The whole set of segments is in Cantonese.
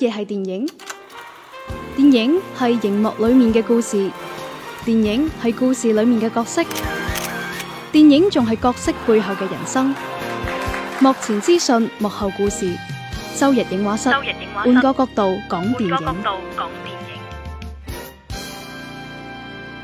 嘅係電影，電影係熒幕裏面嘅故事，電影係故事裏面嘅角色，電影仲係角色背後嘅人生。幕前資訊，幕後故事。周日映畫室，換個角度講電影。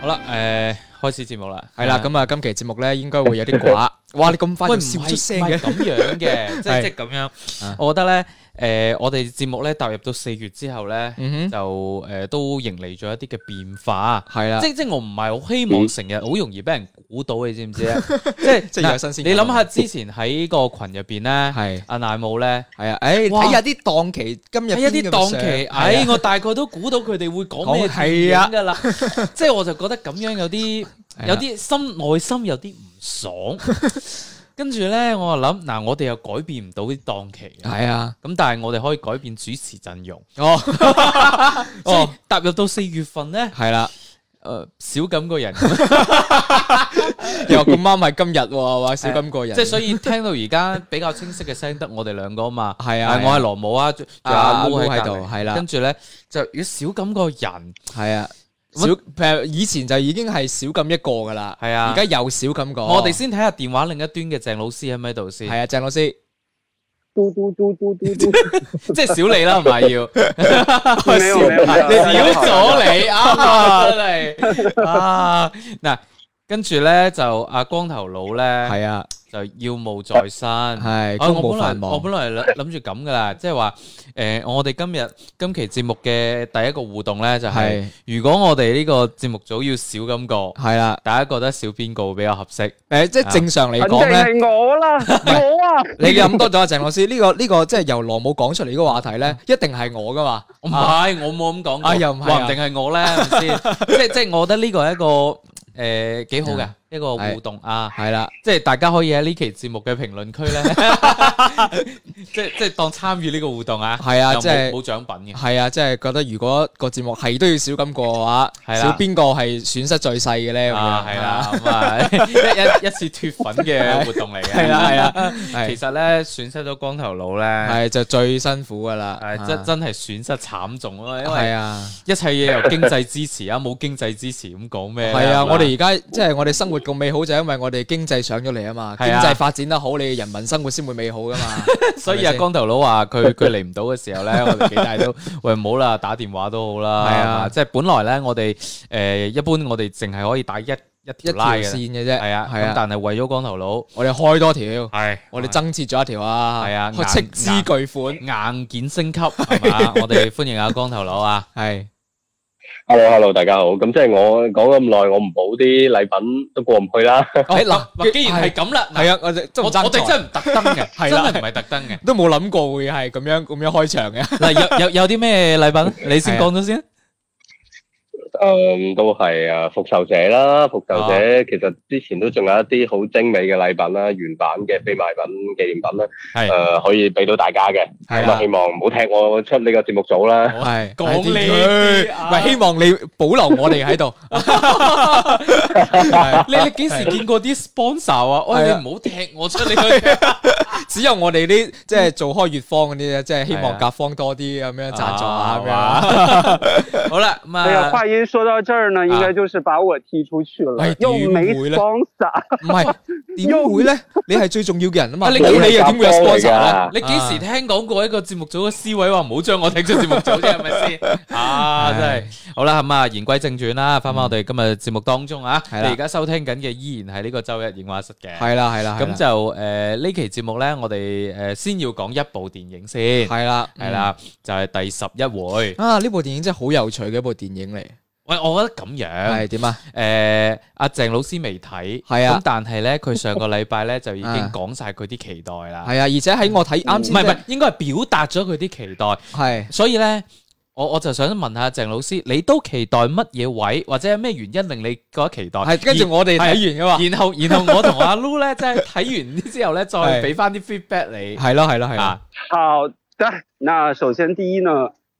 好啦，誒，開始節目啦，係啦，咁啊，今期節目咧應該會有啲寡。哇！你咁快就笑出聲嘅，唔係咁樣嘅，即係即係咁樣、啊。我覺得咧，誒、呃，我哋節目咧踏入到四月之後咧、嗯，就誒、呃、都迎嚟咗一啲嘅變化。啊、即即我唔係好希望成日好容易俾人估到，你知唔知 啊？即即新鮮你諗下之前喺個群入面咧，係阿奶母咧，係啊，誒睇下啲檔期，今日一啲檔期，誒、啊啊哎、我大概都估到佢哋會講咩係啊， 即係我就覺得咁樣有啲。有啲心，內心有啲唔爽，跟住咧，我就諗，嗱，我哋又改變唔到啲檔期，係啊，咁但係我哋可以改變主持陣容，哦， 即、哦、係踏入到四月份咧，係啦，誒、呃，少咁個人， 又咁啱係今日，喎，少咁個人，即係所以聽到而家 比較清晰嘅聲，得我哋兩個啊嘛，係啊，我係羅母啊，阿母喺度，係啦，跟住咧就如果少咁個人，係啊。小我以前就已經係少咁一個噶啦，係啊，而家又少咁講。我哋先睇下電話另一端嘅鄭老師喺咪度先？係啊，鄭老師，嘟嘟嘟嘟嘟，即係小你啦，唔係要，你少咗你 啊，真係啊，嗱。跟住咧就阿光頭佬咧，係啊，就要務在身，係。哦，我本來我本來諗諗住咁噶啦，即係話誒，我哋今日今期節目嘅第一個互動咧就係，如果我哋呢個節目組要少咁個，係啦，大家覺得少邊個比較合適？誒，即係正常嚟講咧，係我啦，我啊，你飲多咗啊，鄭老師，呢個呢個即係由羅母講出嚟呢個話題咧，一定係我噶嘛？唔係，我冇咁講。哎呀唔係，定係我咧，先，即係即係，我覺得呢個係一個。誒，幾好嘅。一個互動啊，係啦，即係大家可以喺呢期節目嘅評論區咧，即即當參與呢個互動啊，係啊，即係冇獎品嘅，係啊，即係覺得如果個節目係都要少咁過嘅話，少邊個係損失最細嘅咧，係啊，咁啊，一一次脫粉嘅活動嚟嘅，係啦係啊，其實咧損失咗光頭佬咧，係就最辛苦噶啦，係真真係損失慘重咯，因為啊，一切嘢由經濟支持啊，冇經濟支持咁講咩，係啊，我哋而家即係我哋生活。活美好就係因為我哋經濟上咗嚟啊嘛，啊經濟發展得好，你嘅人民生活先會美好噶嘛。所以啊，係唔係光頭佬話佢佢嚟唔到嘅時候咧， 我哋幾大都喂唔好啦，打電話都好啦。係啊，即係本來咧，我哋誒、呃、一般我哋淨係可以打一一條拉的一條線嘅啫。係啊係啊，但係為咗光頭佬，啊、我哋開多條，係我哋增設咗一條啊。係啊，斥資、啊啊、巨款，硬件升級，係嘛、啊啊？ 我哋歡迎啊，光頭佬啊，係、啊。hello hello 大家好，咁、嗯、即係我講咁耐，我唔補啲禮品都過唔去啦。哦嗱、啊啊，既然係咁啦，係、哎、呀但啊，我我我哋真係唔特登嘅， 真係唔係特登嘅， 都冇諗過會係咁樣咁樣開場嘅。嗱， 有有有啲咩禮品， 你先講咗先。 誒、嗯，都係啊！復仇者啦，復仇者，其實之前都仲有一啲好精美嘅禮品啦，原版嘅非賣品紀念品啦，誒、嗯呃，可以俾到大家嘅。咁啊，希望唔好踢我出呢個節目組啦。係講你，唔係、啊、希望你保留我哋喺度。你幾時見過啲 sponsor 啊？喂、啊哎，你唔好踢我出呢、啊、 只有我哋啲即係做開乙方嗰啲即係希望甲方多啲咁樣贊助下啊！啊好，啊 好啦，咁 啊，說到這兒呢，應該就是把我踢出去了，又沒 sponsor，唔係點會咧？你係最重要嘅人啊嘛，你冇理由點會 sponsor 啦？你幾時聽講過一個節目組嘅 C 位話唔好將我踢出節目組啫？係咪先？啊，真係好啦，咁啊，言歸正傳啦，翻返我哋今日節目當中啊，係啦，你而家收聽緊嘅依然係呢個周日映畫室嘅，係啦係啦，咁就誒呢期節目咧，我哋誒先要講一部電影先，係啦係啦，就係第十一回啊！呢部電影真係好有趣嘅一部電影嚟。喂，我覺得咁樣係點、呃、啊？誒，阿鄭老師未睇，係啊。咁但係咧，佢上個禮拜咧就已經講晒佢啲期待啦。係 啊，而且喺我睇啱先，唔係唔係，應該係表達咗佢啲期待。係、嗯，所以咧，我我就想問下鄭老師，你都期待乜嘢位，或者係咩原因令你覺得期待？係，跟住我哋睇完噶嘛。然後， 然後然後我同阿 Loo 咧，即係睇完之後咧，再俾翻啲 feedback 你。係咯係咯係啊。好得！嗱，首先第一呢。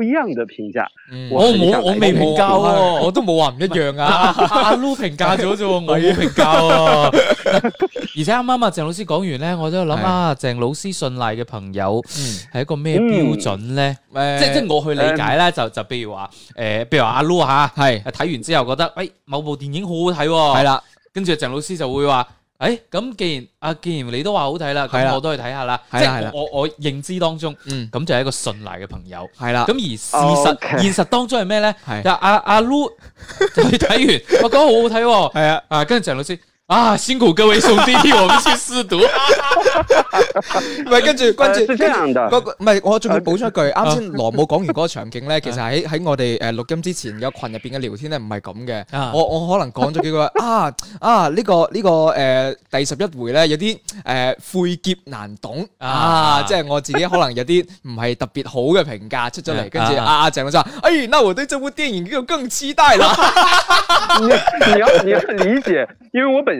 不一樣的評價，我評價、嗯哦、我我未評價，我都冇話唔一樣啊！ 阿 Lu 評價咗啫，我亦評價。而且啱啱啊，鄭老師講完咧，我都諗啊，鄭老師信賴嘅朋友係一個咩標準咧、嗯？即即我去理解咧、嗯，就就譬如話，誒、呃，譬如話阿 Lu 吓，係睇完之後覺得喂、哎，某部電影好好睇、哦，係啦，跟住鄭老師就會話。誒，咁、欸、既然阿、啊、既然你都話好睇啦，咁的我都去睇下啦。的即係我的我，我認知當中，嗯，咁就係一個信賴嘅朋友。係啦的，咁而事實、oh, okay. 現實當中係咩咧？係阿阿阿 Lu 就去睇完，我覺得好好睇。係啊，的啊跟住鄭老師。啊，辛苦各位兄弟替 我們去試讀。喂、啊， 跟住，跟住，係這樣的。唔係，我仲要補充一句，啱先羅母講完嗰個場景咧、啊，其實喺喺我哋誒錄音之前嗰群入邊嘅聊天咧，唔係咁嘅。我我可能講咗幾句啊 啊，呢、啊這個呢、這個誒、呃、第十一回咧有啲誒晦澀難懂啊，即、啊、係、就是、我自己可能有啲唔係特別好嘅評價出咗嚟、啊。跟住阿阿鄭老師話，誒，那我對這部電影就更期待啦。你要你你理解，因為我本。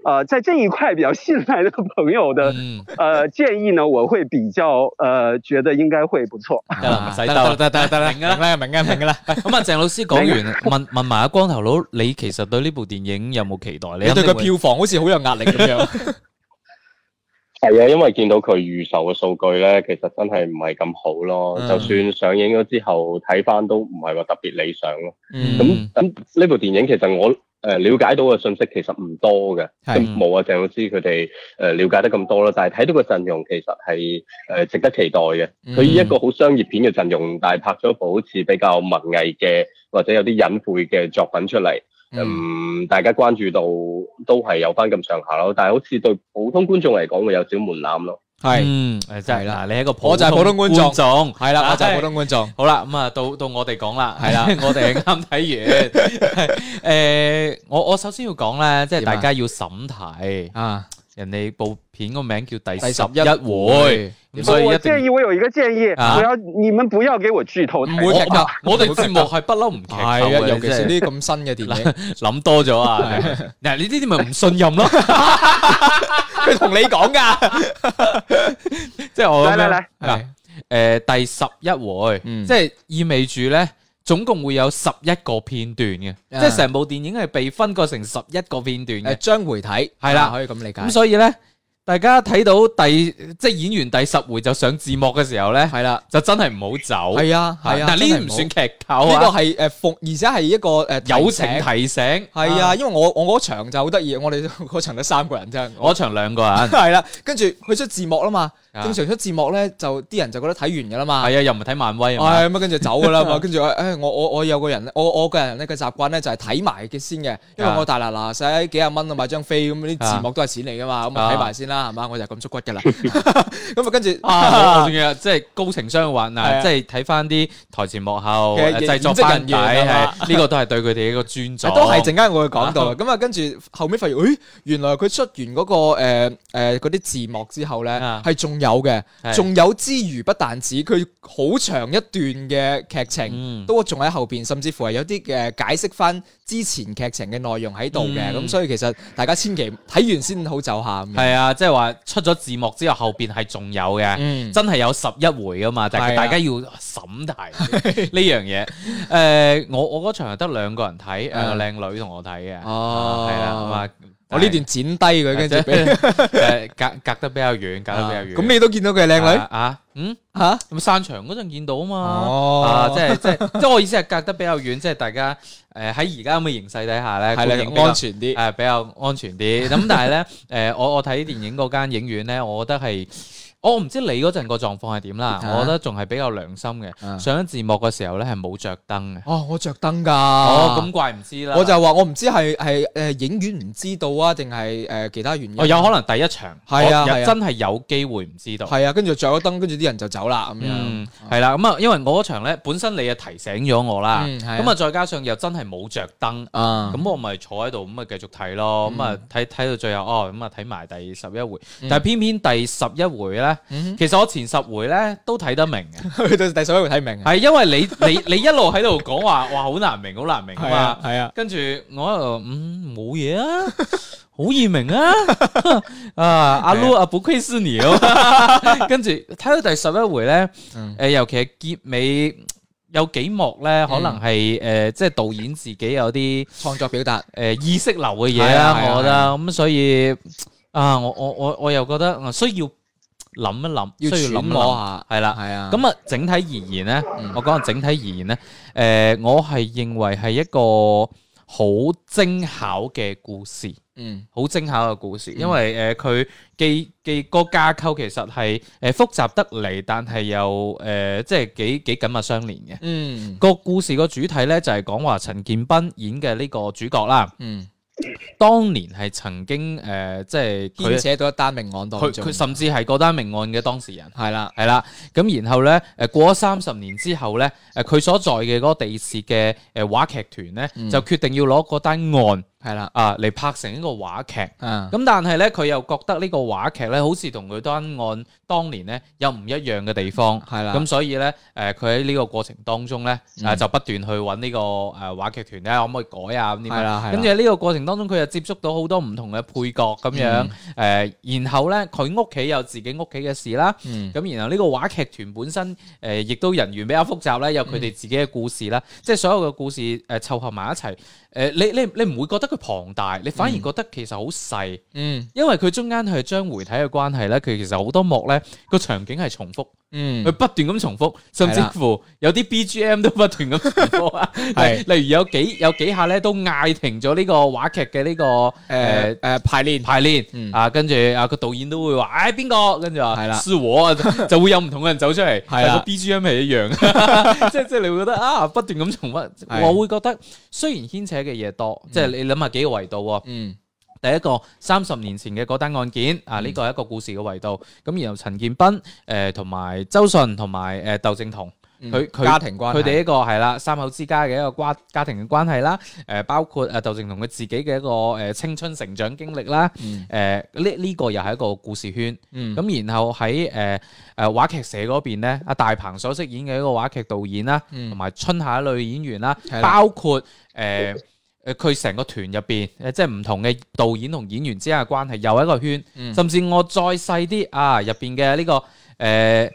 誒、呃，在這一塊比較信賴的朋友的、呃，誒建議呢，我會比較、呃，誒覺得應該會不錯、嗯。大、啊、家、啊、 明啦，明啦，明啦，明啦。咁啊，鄭老師講完，問問埋阿光頭佬，你其實對呢部電影有冇期待？你對佢票房好似好有壓力咁樣。係、嗯、啊，因為見到佢預售嘅數據咧，其實真係唔係咁好咯。就算上映咗之後睇翻都唔係話特別理想咯。咁咁呢部電影其實我。誒、呃，了解到嘅信息其實唔多嘅，冇啊，鄭老師佢哋誒了解得咁多咯，但係睇到個陣容其實係誒、呃、值得期待嘅。佢、嗯、以一個好商業片嘅陣容，但係拍咗一部好似比較文藝嘅，或者有啲隱晦嘅作品出嚟、呃，嗯，大家關注到都係有翻咁上下咯。但係好似對普通觀眾嚟講，會有少門檻咯。係、嗯，誒，真係啦，你係一個普通，我就係普通觀眾，係啦，我就係普通觀眾，好啦，咁啊，到到我哋講啦，係啦、 欸，我哋啱睇完，誒，我我首先要講咧，即係、啊、大家要審題啊，人哋部片個名叫第十一回，所以我建議我有一個建議，啊、我要你們不要給我劇透，唔會 我哋節目係不嬲唔睇，尤其是啲咁新嘅電影，諗 多咗了啊，嗱 是的，你呢啲咪唔信任咯。 佢同你講噶， 即係我嚟嚟嚟誒，第十一回，嗯、即係意味住咧，總共會有十一個片段嘅、嗯，即係成部電影係被分割成十一個片段嘅，將、呃、回睇係啦，可以咁理解。咁、嗯、所以咧。大家睇到第即係演員第十回就上字幕嘅時候咧，係啦，就真係唔好走。係啊，係啊。但呢啲唔算劇透，呢個係誒奉，而且係一個誒友、呃、情提醒。係啊，因為我我嗰場就好得意，我哋嗰場得三個人啫。嗰場兩個人。係 啦，跟住佢出字幕啦嘛。正常出字幕咧，就啲人就覺得睇完㗎啦嘛。係啊，又唔係睇漫威。係、哎、咁跟住走噶啦嘛。 跟住、哎、我我我有個人，我我個人咧嘅習慣咧就係睇埋嘅先嘅，因為我大嗱嗱使幾十蚊啊買張飛，咁啲字幕都係錢嚟噶嘛，咁啊睇埋先啦。啊啊啊、我就咁出骨噶啦。咁 啊，跟住、係、我仲要、啊，即係高情商嘅話，即係睇翻啲台前幕後、啊、製作人員，呢、啊呢個都係對佢哋一個尊重。啊、都係陣間我會講到。咁啊，跟住後尾發現，誒、哎，原來佢出完嗰、嗰個誒誒嗰啲字幕之後咧，係仲、啊、有嘅，仲有之餘，不但止，佢好長一段嘅劇情、嗯、都仲喺後邊，甚至乎係有啲嘅解釋翻。之前劇情嘅內容喺度嘅，咁、嗯、所以其實大家千祈睇完先好走下。係啊，即係話出咗字幕之後，後面係仲有嘅，嗯、真係有十一回㗎嘛，但、就、係、是、大家要審題呢樣嘢。誒、呃，我我嗰場係得兩個人睇，嗯、個靚女同我睇嘅。哦，係啦，啊。我呢段剪低佢，跟住俾隔隔得比較遠，隔得比較遠。咁你都見到佢係靚女啊？嗯吓，咪散場嗰陣見到啊嘛。啊，即係即係，即係我意思係隔得比較遠，即係大家誒喺而家咁嘅形勢底下咧，係安全啲，誒比較安全啲。咁但係咧，誒我我睇電影嗰間影院咧，我覺得係。我、哦、唔知你嗰陣個狀況係點啦，我覺得仲係比較良心嘅，啊。上咗字幕嘅時候咧係冇着燈嘅。哦，我着燈噶。哦，咁怪唔知啦。我就話我唔知係係誒影院唔知道啊，定係誒其他原因，哦。有可能第一場係啊，啊真係有機會唔知道。係啊，跟住着咗燈，跟住啲人就走啦咁樣。係、嗯、啦，咁啊，啊，因為我嗰場咧本身你啊提醒咗我啦，咁、嗯、啊再加上又真係冇着燈啊，咁、嗯、我咪坐喺度咁啊繼續睇咯，咁啊睇睇到最後哦，咁啊睇埋第十一回，嗯、但係偏偏第十一回咧。嗯、其實我前十回咧都睇得明嘅， 第十一回睇唔明，係因為你你你一路喺度講話 哇好難明好難明啊，係啊，跟住我嗯冇嘢啊，好易明啊， 啊，啊，啊阿盧啊，啊不愧是你哦， 跟住睇到第十一回咧，誒、嗯，尤其係結尾有幾幕咧，可能係誒即係導演自己有啲創作表達誒、呃、意識流嘅嘢啦，我覺得咁、啊啊、所以啊、呃，我我我我又覺得需要。諗一諗，要揣摩下，係啦了，係啊。咁啊，整體而言咧，我講下整體而言咧，誒、嗯呃，我係認為係一個好精巧嘅故事，嗯，好精巧嘅故事，因為誒佢嘅嘅個架構其實係誒複雜得嚟，但係又誒即係幾幾緊密相連嘅，嗯。個故事個主題咧就係、是、講話陳建斌演嘅呢個主角啦，嗯。當年係曾經誒、呃，即係佢牽扯到一單命案當中，當佢甚至係嗰單命案嘅當事人。係啦，係啦，咁然後咧，誒過咗三十年之後咧，誒佢所在嘅嗰個地市嘅誒話劇團咧，就決定要攞嗰單案。係啦，啊嚟拍成一個話劇，咁但係咧，佢又覺得呢個話劇咧，好似同佢當案當年咧有唔一樣嘅地方，咁所以咧，誒佢喺呢個過程當中咧，誒、嗯、就不斷去揾呢個誒話劇團咧，可唔可以改啊？咁樣，跟住喺呢個過程當中，佢又接觸到好多唔同嘅配角咁樣，誒、嗯，然後咧佢屋企有自己屋企嘅事啦，咁、嗯、然後呢個話劇團本身誒亦、呃、都人員比較複雜咧，有佢哋自己嘅故事啦，即、嗯、係、就是、所有嘅故事誒湊、呃、合埋一齊，誒、呃、你你你唔會覺得？佢龐大，你反而覺得其實好細，嗯，因為佢中間係將媒體嘅關係咧，佢其實好多幕咧個場景係重複，嗯，佢不斷咁重複，甚至乎有啲 BGM 都不斷咁重複啊，係， 例如有幾有幾下咧都嗌停咗呢個話劇嘅呢個誒誒、呃、排練排練、嗯，啊，跟住啊個導演都會話，哎邊個，跟住話係啦，是，是我就，就會有唔同嘅人走出嚟，係啦，BGM 係一樣， 即即係你會覺得啊不斷咁重複，我會覺得雖然牽扯嘅嘢多，嗯、即係你諗。咁幾個維度？嗯，第一個三十年前嘅嗰單案件啊，呢個係一個故事嘅維度。咁然後陳建斌誒，同、呃、埋周迅，同埋誒竇靖童，佢、呃、佢家庭關，佢哋一個係啦，三口之家嘅一個關家庭嘅關係啦。誒、呃，包括誒竇靖童佢自己嘅一個誒青春成長經歷啦。誒、呃，呢、這、呢個又係一個故事圈。咁、嗯、然後喺誒誒話劇社嗰邊咧，阿大鵬所飾演嘅一個話劇導演啦，同、嗯、埋春夏一類演員啦，包括誒。呃誒，佢成個團入邊誒，即係唔同嘅導演同演員之間嘅關係，又一個圈。嗯、甚至我再細啲啊，入邊嘅呢個誒、呃、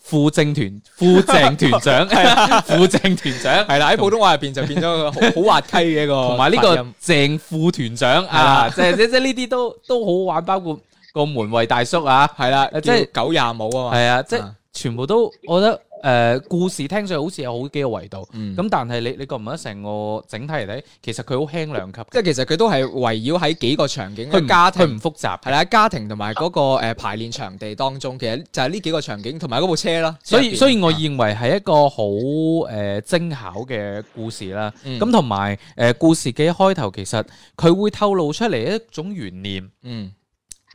副政團副鄭團長， 啊、副政團長係啦，喺、啊、普通話入邊就變咗個好滑稽嘅個。同埋呢個鄭副團長啊，即係即即係呢啲都都好玩，包括個門衛大叔啊，係啦，即係九廿五啊，係啊，即、就、係、是啊就是、 全部都，我覺得。誒、呃，故事聽上去好似有好幾個維度，咁、嗯、但係你你覺唔覺得成個整體嚟睇，其實佢好輕量級，即係其實佢都係圍繞喺幾個場景，佢家庭，佢唔複雜，係啦，家庭同埋嗰個誒排練場地當中，其實就係、是、呢幾個場景，同埋嗰部車啦。所以所以我認為係一個好誒、呃、精巧嘅故事啦。咁同埋誒故事嘅開頭，其實佢會透露出嚟一種懸念，嗯、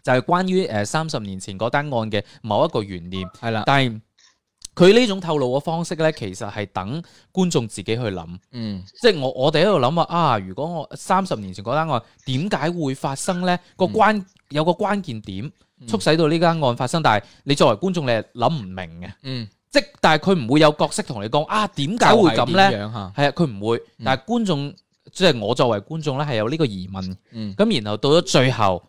就係、是、關於誒三十年前嗰單案嘅某一個懸念係啦、嗯，但係。佢呢種透露嘅方式呢，其實係等觀眾自己去諗，嗯，即係我我哋喺度諗啊啊！如果我三十年前嗰單案點解會發生呢？個關、嗯、有個關鍵點促使到呢間案發生，但係你作為觀眾你係諗唔明嘅，嗯，即係但係佢唔會有角色同你講啊點解會咁樣？係啊，佢唔會、就是、會，嗯、但係觀眾即係、就是、我作為觀眾呢，係有呢個疑問，咁、嗯、然後到咗最後。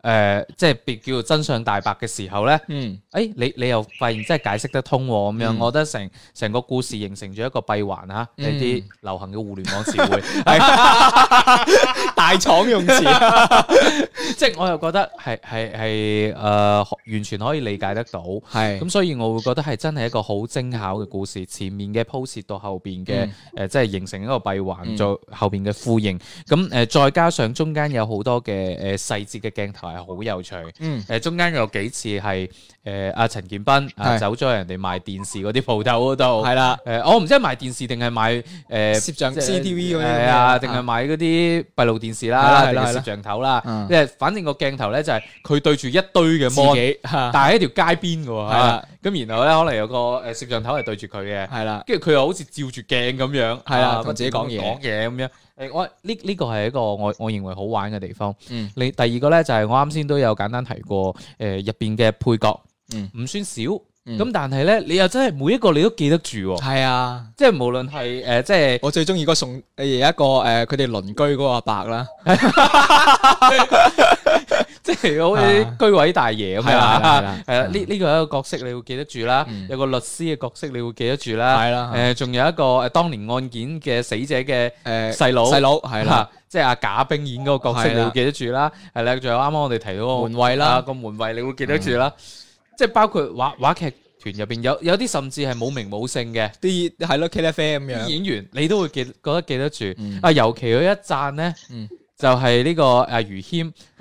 誒、呃，即係別叫真相大白嘅時候呢，誒、嗯欸，你你又發現真係解釋得通喎。咁、嗯、樣，我覺得成成個故事形成咗一個閉環啊，一啲、嗯、流行嘅互聯網詞彙。 是 大廠闖用詞 即係我又覺得係係係誒，完全可以理解得到。係咁、嗯，所以我會覺得係真係一個好精巧嘅故事。前面嘅鋪設到後邊嘅誒，即係形成一個閉環，再、嗯、後邊嘅呼應。咁、嗯、誒、嗯，再加上中間有好多嘅誒細節嘅鏡頭係好有趣。嗯，誒，中間有幾次係。誒、呃，阿陳建斌啊，走咗去人哋賣電視嗰啲鋪頭嗰度。係啦，誒、呃，我唔知係賣電視定係賣誒攝像 C T V 咁樣，係啊，定係賣嗰啲閉路電視啦，或者攝像頭啦，即係反正個鏡頭咧就係佢對住一堆嘅芒，但係喺條街邊嘅喎。係啦，咁然後咧可能有個誒攝像頭係對住佢嘅，係啦，跟住佢又好似照住鏡咁樣，係啦，同自己講嘢講嘢咁樣。誒、呃，我呢呢、這個係一個我我認為好玩嘅地方。嗯、你第二個咧就係、是、我啱先都有簡單提過，誒、呃，入邊嘅配角。唔、嗯、算少，咁、嗯、但係咧，你又真係每一個你都記得住。係、嗯、啊，即係無論係誒，即、呃、係、就是、我最中意個宋，有一個誒，佢哋、呃、鄰居嗰個阿伯啦，即 係 好似居委大爺咁樣。係啊，呢呢、啊啊啊啊啊啊這個、這個、有一個角色你會記得住啦、嗯，有個律師嘅角色你會記得住啦。係啦、啊，誒、啊，仲有一個誒，當年案件嘅死者嘅誒細佬，細佬係啦，即係阿賈冰演嗰個角色你會記得住啦。係啦、啊，仲、啊、有啱啱我哋提到個門衛啦，個門衛你會記得住啦。啊即係包括話話劇團入邊有有啲甚至係冇名冇姓嘅，啲係咯 K F M 咁樣演員你都會記得覺得記得住、嗯、啊尤其嗰一讚咧、嗯、就係、是、呢、呢個阿、啊、于謙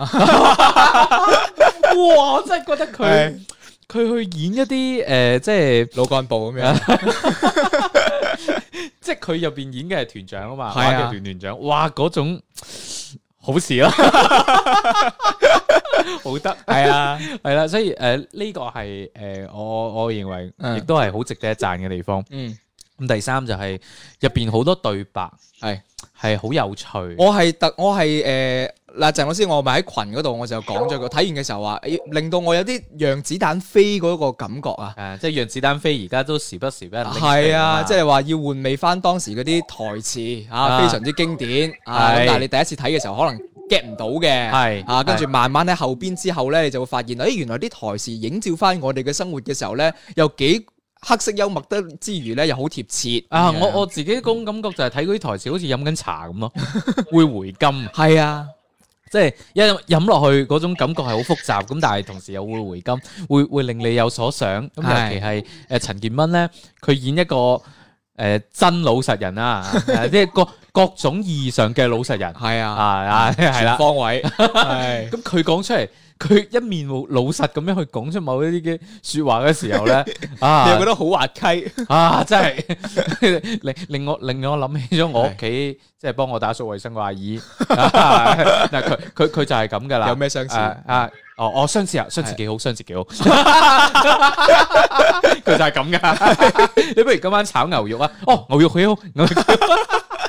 哇我真係覺得佢佢去演一啲誒、呃、即係老幹部咁樣 即係佢入邊演嘅係團長啊嘛，話劇團團長，哇嗰種好事啦。 好得係啊，係 啦，所以誒呢、呃這個係誒、呃、我我認為亦都係好值得一讚嘅地方。嗯，咁第三就係入邊好多對白，係係好有趣。我係特，我係誒嗱，鄭、呃、老師，我咪喺群嗰度，我就講咗個睇完嘅時候話，誒令到我有啲讓子彈飛嗰個感覺啊，誒、嗯、即係讓子彈飛而家都時不時俾人係、就是、啊，即係話要回味翻當時嗰啲台詞啊，非常之經典。咁但係你第一次睇嘅時候可能。get 唔到嘅，係啊，跟住慢慢喺後邊之後咧，你就會發現，哎，原來啲台詞映照翻我哋嘅生活嘅時候咧，又幾黑色幽默得之餘咧，又好貼切啊！我我自己嗰種感覺就係睇嗰啲台詞好似飲緊茶咁咯， 會回甘。係啊，即係一飲落去嗰種感覺係好複雜，咁但係同時又會回甘，會會令你有所想。咁尤其係誒陳建斌咧，佢、呃、演一個。誒，真老實人啊即係 各各種意義上嘅老實人，係啊，係、啊、啦，方位，咁佢講出嚟，佢一面冇老實咁樣去講出某一啲嘅說話嘅時候咧、 啊，啊，你覺得好滑稽啊，真係令令我令我諗起咗我屋企即係幫我打掃衛生個阿姨，嗱佢佢佢就係咁噶啦，有咩相似啊？啊哦哦，相似啊，相似幾好，的相似幾好，佢就係咁噶。 你不如今晚炒牛肉啊？哦，牛肉好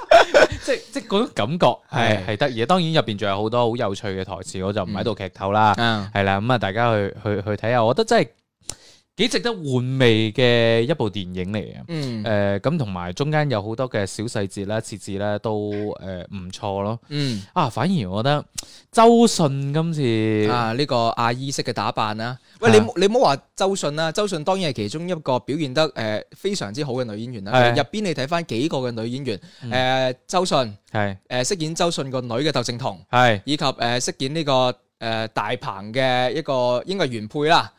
即即嗰種感覺係係得意。當然入邊仲有好多好有趣嘅台詞，我就唔喺度劇透啦。係啦、嗯，咁啊大家去去去睇下，我覺得真係，幾值得玩味嘅一部電影嚟嘅、嗯呃，誒，咁同埋中間有好多嘅小細節咧設置咧都誒唔錯咯、嗯，啊，反而我覺得周迅今次啊呢、這個阿姨式嘅打扮啦、啊，喂，你你唔好話周迅啦，周迅當然係其中一個表現得誒、呃、非常之好嘅女演員啦，入邊你睇翻幾個嘅女演員，誒、嗯呃，周迅係，誒，飾、呃、演周迅個女嘅竇靖童係，以及誒飾、呃、演呢、這個誒、呃、大鵬嘅一個應該原配啦。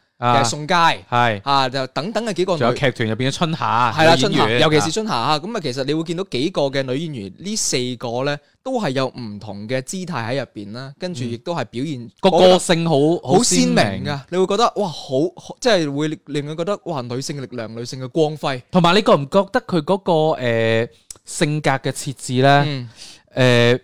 宋佳係啊，就、啊、等等嘅幾個，仲有劇團入邊嘅春夏，係啦，春夏，尤其是春夏啊，咁啊，其實你會見到幾個嘅女演員，呢四個咧都係有唔同嘅姿態喺入邊啦，跟住亦都係表現個、嗯、個性好好鮮明噶，你會覺得哇，好即係、就是、會令佢覺得哇，女性力量，女性嘅光輝，同埋你覺唔覺得佢嗰、那個誒、呃、性格嘅設置咧？誒、嗯呃，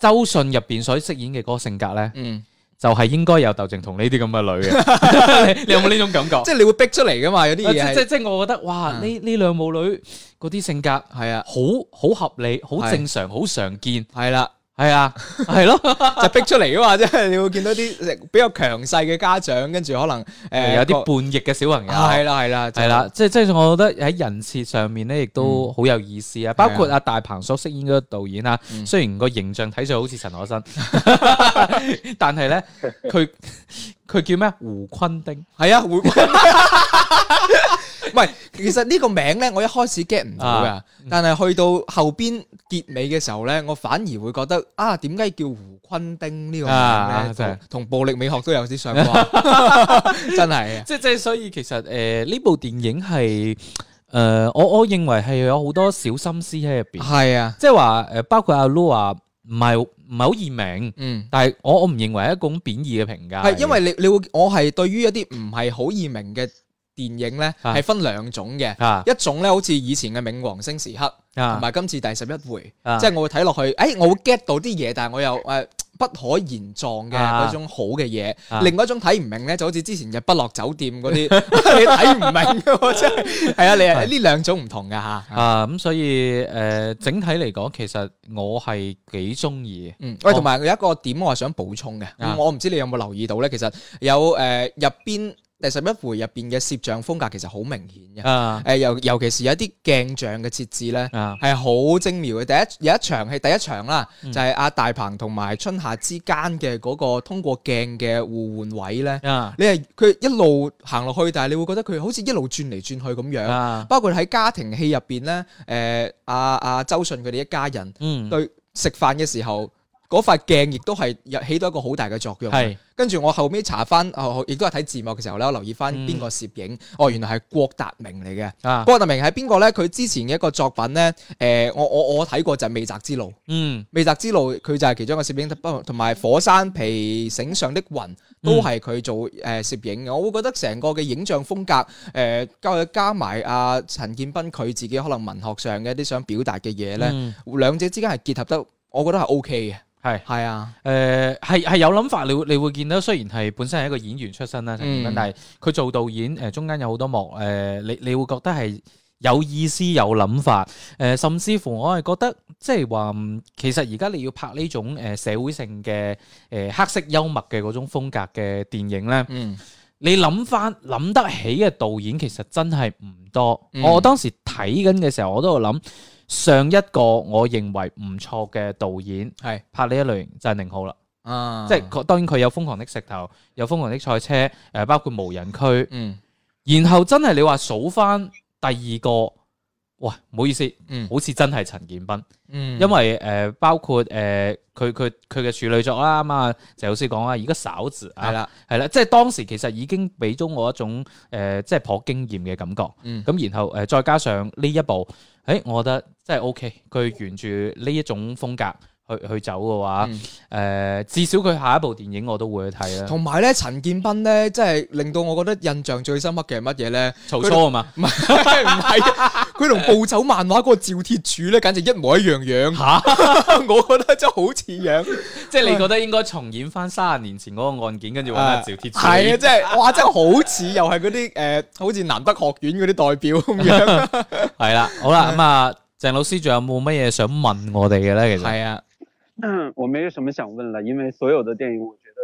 周迅入邊所飾演嘅嗰個性格咧？嗯。就係、是、應該有竇靖童呢啲咁嘅女嘅， 你有冇呢種感覺？即 係你會逼出嚟噶嘛？有啲嘢、啊，即係即係我覺得，哇！呢呢兩母女嗰啲性格係、嗯、啊，好好合理，好正常，好常見，係啦。係啊，係咯、啊， 就逼出嚟啊嘛，即係你會見到啲比較強勢嘅家長，跟住可能誒、呃、有啲叛逆嘅小朋友，係啦係啦係啦，即係即係我覺得喺人設上面咧，亦都好有意思啊、嗯！包括阿大鵬所飾演嘅導演啊、嗯，雖然個形象睇上好似陳可辛， 但係咧佢佢叫咩？ 胡坤丁，係啊胡坤。唔 係，其實呢個名咧，我一開始 get 唔到噶，但係去到後邊結尾嘅時候咧，我反而會覺得啊，點解叫胡昆汀呢個名咧？就係、啊、同暴力美學都有啲相關， 真係的。即 即所以其實誒，呢、呃、部電影係誒、呃，我我認為係有好多小心思喺入邊。係啊，即係話誒，包括阿 Lu 話唔係唔係好易明，嗯，但係我我唔認為係一種貶義嘅評價。係，因為你你會我係對於一啲唔係好易明嘅，電影咧係分兩種嘅、啊，一種咧好似以前嘅《冥王星時刻》，同、啊、埋今次第十一回，即、啊、係、就是、我會睇落去，誒、欸，我會 get 到啲嘢，但係我又、呃、不可言狀嘅嗰種好嘅嘢、啊啊。另外一種睇唔明咧，就好似之前嘅《日不落酒店》嗰啲， 你睇唔明喎，即係係啊，你係呢兩種唔同㗎吓。啊，咁、嗯、所以、呃、整體嚟講，其實我係幾中意。嗯，喂、哦，同埋有一個點我、啊，我係想補充嘅。咁我唔知你有冇留意到咧？其實有、呃、入邊。第十一回入邊嘅攝像風格其實好明顯嘅，誒、啊，尤、呃、尤其是有一啲鏡像嘅設置咧，係、啊、好精妙嘅。第一有一場戲，第一場啦，嗯、就係、是、阿、啊、大鵬同埋春夏之間嘅嗰個通過鏡嘅互換位咧、啊，你係佢一路行落去，但係你會覺得佢好似一路轉嚟轉去咁樣、啊。包括喺家庭戲入邊咧，誒、呃，阿、啊、阿、啊、周迅佢哋一家人，嗯、對食飯嘅時候。嗰塊鏡亦都係有起到一個好大嘅作用。跟住我後尾查翻，哦，亦都係睇字幕嘅時候咧，我留意翻邊個攝影、嗯，哦，原來係郭達明嚟嘅。啊，郭達明係邊個咧？佢之前嘅一個作品咧、呃，我我我睇過就係、是《未擇之路》。嗯，《未擇之路》佢就係其中一個攝影，不，同埋《火山皮繩上的雲》都係佢做誒、嗯呃、攝影。我會覺得成個嘅影像風格，誒、呃，加加埋阿陳建斌佢自己可能文學上嘅一啲想表達嘅嘢咧，兩者之間係結合得，我覺得係 O K 嘅。係係啊、嗯呃，誒係係有諗法，你會你會見到，雖然係本身係一個演員出身啦，陳建斌、嗯、但係佢做導演誒、呃，中間有好多幕誒、呃，你你會覺得係有意思有諗法誒、呃，甚至乎我係覺得即係話，其實而家你要拍呢種誒社會性嘅誒、呃、黑色幽默嘅嗰種風格嘅電影咧，嗯嗯你諗翻諗得起嘅導演其實真係唔多。嗯、我當時睇緊嘅時候，我都喺度諗。上一個我認為唔錯嘅導演係拍呢一類就係寧浩啦，即係當然佢有瘋狂的石頭，有瘋狂的賽車，誒，包括無人區，嗯，然後真係你話數翻第二個，哇，唔好意思，嗯，好似真係陳建斌。嗯，因為誒、呃，包括誒，佢佢佢嘅處女作啦，咁啊，陳老師講啊，而家嫂子係啦，係啦，即係當時其實已經俾咗我一種誒、呃，即係頗驚艷嘅感覺。嗯，咁然後誒、呃，再加上呢一部，誒、欸，我覺得真係 OK，佢沿住呢一種風格去去走嘅話，誒、嗯呃，至少佢下一部電影我都會去睇啦、啊。同埋咧，陳建斌咧，即係令到我覺得印象最深刻嘅係乜嘢咧？曹操啊嘛？唔係。 不是的笑佢同暴走漫畫嗰個趙鐵柱咧，簡直一模一樣樣。吓、啊， 我覺得真係好似樣，即 係你覺得應該重演翻三十年前嗰個案件，跟住搵阿趙鐵柱。係啊，即係、 啊，哇，真係好似又係嗰啲誒，好似南德學院嗰啲代表咁樣。係 啦， 好啦，咁 啊、嗯，鄭老師仲有冇乜嘢想問我哋嘅咧？其實係啊，我沒有什麼想問啦，因為所有的電影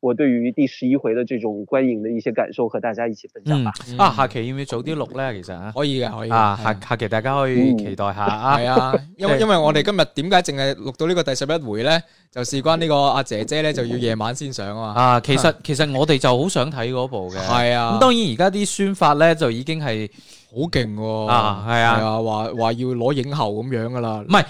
我對於第十一回的這種觀影的一些感受，和大家一起分享吧、嗯嗯、啊，下期要唔要早啲錄呢？其實可以嘅，可以,的可以嘅啊。下的下期大家可以期待一下係、嗯、啊 是，因為因為我哋今日點解淨係錄到呢個第十一回呢？就事關呢個阿姐姐呢，就要夜晚先上,上啊。啊，其實、啊、其實我哋就好想睇嗰部嘅。係啊、嗯，當然而家啲宣發呢，就已經係好勁喎。啊，係啊，話話要攞影後咁樣噶啦。唔係。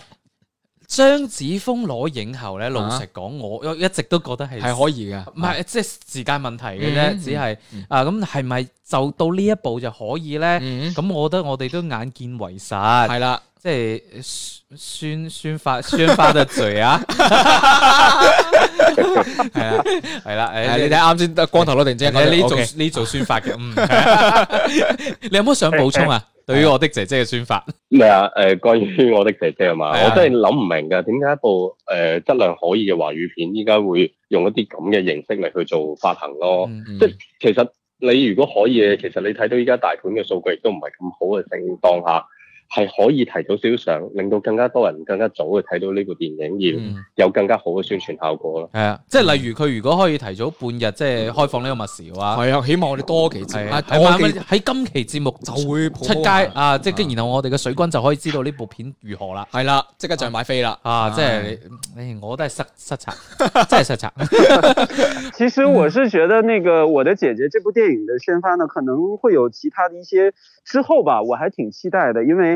張子楓攞影后咧，老實講，我一直都覺得係係可以嘅，唔係即係時間問題嘅啫、嗯，只係、嗯、啊咁係咪就到呢一步就可以咧？咁、嗯、我覺得我哋都眼見為實係啦，即係宣宣發宣發得罪啊，係啦係啦，你睇啱先，光頭佬定先，呢做呢、okay. 做宣發嘅，嗯， 你有冇想補充啊？對於我的姐姐嘅宣發，唔係啊，誒、呃，關於我的姐姐係嘛？啊、我真係諗唔明噶，點解一部誒質、呃、量可以嘅華語片，依家會用一啲咁嘅形式嚟去做發行咯？即、嗯、係、嗯、其實你如果可以嘅，其實你睇到依家大盤嘅數據亦都唔係咁好嘅正當下。係可以提早少少上，令到更加多人更加早去睇到呢部電影，要有更加好嘅宣傳效果咯。係、嗯、啊，即係例如佢如果可以提早半日即係開放呢個密匙嘅話，係、嗯、啊，希望我哋多期節目喺、啊、今期節目就會出街出啊，啊！即係然後我哋嘅水軍就可以知道呢部片如何啦。係、啊、啦，啊、即刻就買飛啦、啊啊啊啊啊！啊，即係，我都係失失策， 真係失策。 其實我是覺得，那個我的姐姐這部電影嘅宣發呢，可能會有其他的一些之後吧，我還挺期待的，因為。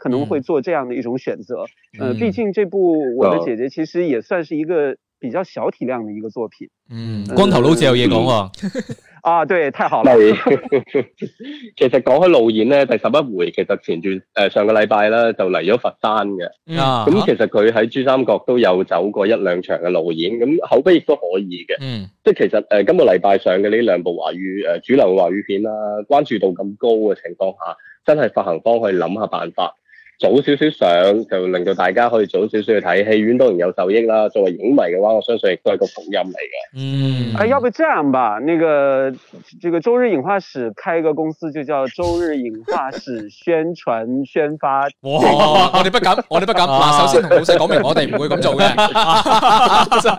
可能會做這樣的一種選擇，嗯畢、嗯呃、竟這部《我的姐姐》其實也算是一個比較小體量的一個作品。嗯，嗯，光頭佬有嘢講喎。 啊，對，太好啦。 其實講開路演咧，第十一回其實前段誒上個禮拜啦就嚟咗佛山嘅。啊，咁其實佢喺珠三角都有走過一兩場嘅路演，咁口碑亦都可以嘅。嗯，即係其實誒、呃、今個禮拜上嘅呢兩部華語誒、呃、主流嘅華語片啦、啊，關注度咁高嘅情況下，真係發行方去諗下辦法。早少少上就令到大家可以早少少去睇，戲院當然有受益啦。作為影迷嘅話，我相信亦都係個福音嚟嘅。嗯，誒，要不這樣吧？呢、那個呢、這個周日映畫室開一個公司就叫周日映畫室宣傳宣發。我哋不敢，我哋不敢。嗱、啊，首先同老細講明我，我哋唔會咁做嘅。就、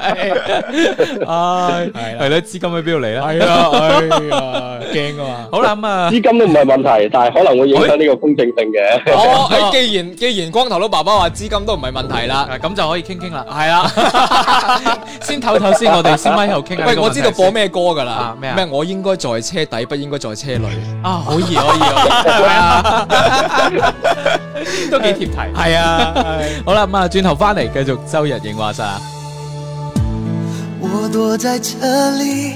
啊、係，係係啦，資金喺邊度嚟啦。係啊，驚、哎、啊！好諗啊，資金都唔係問題，但係可能會影響呢個公正性嘅。我、啊啊啊既然，既然光頭佬爸爸話資金都唔係問題啦，咁就可以傾傾啦。係啊， 先透透先，我哋先喺後傾。喂，我知道播咩歌噶啦，咩咩？我應該在車底，不應該在車裡。 啊，可以，可以，可以，可以 啊，都幾貼題。係啊， 好啦，咁啊，轉頭翻嚟繼續周日映畫室。我躲在車裡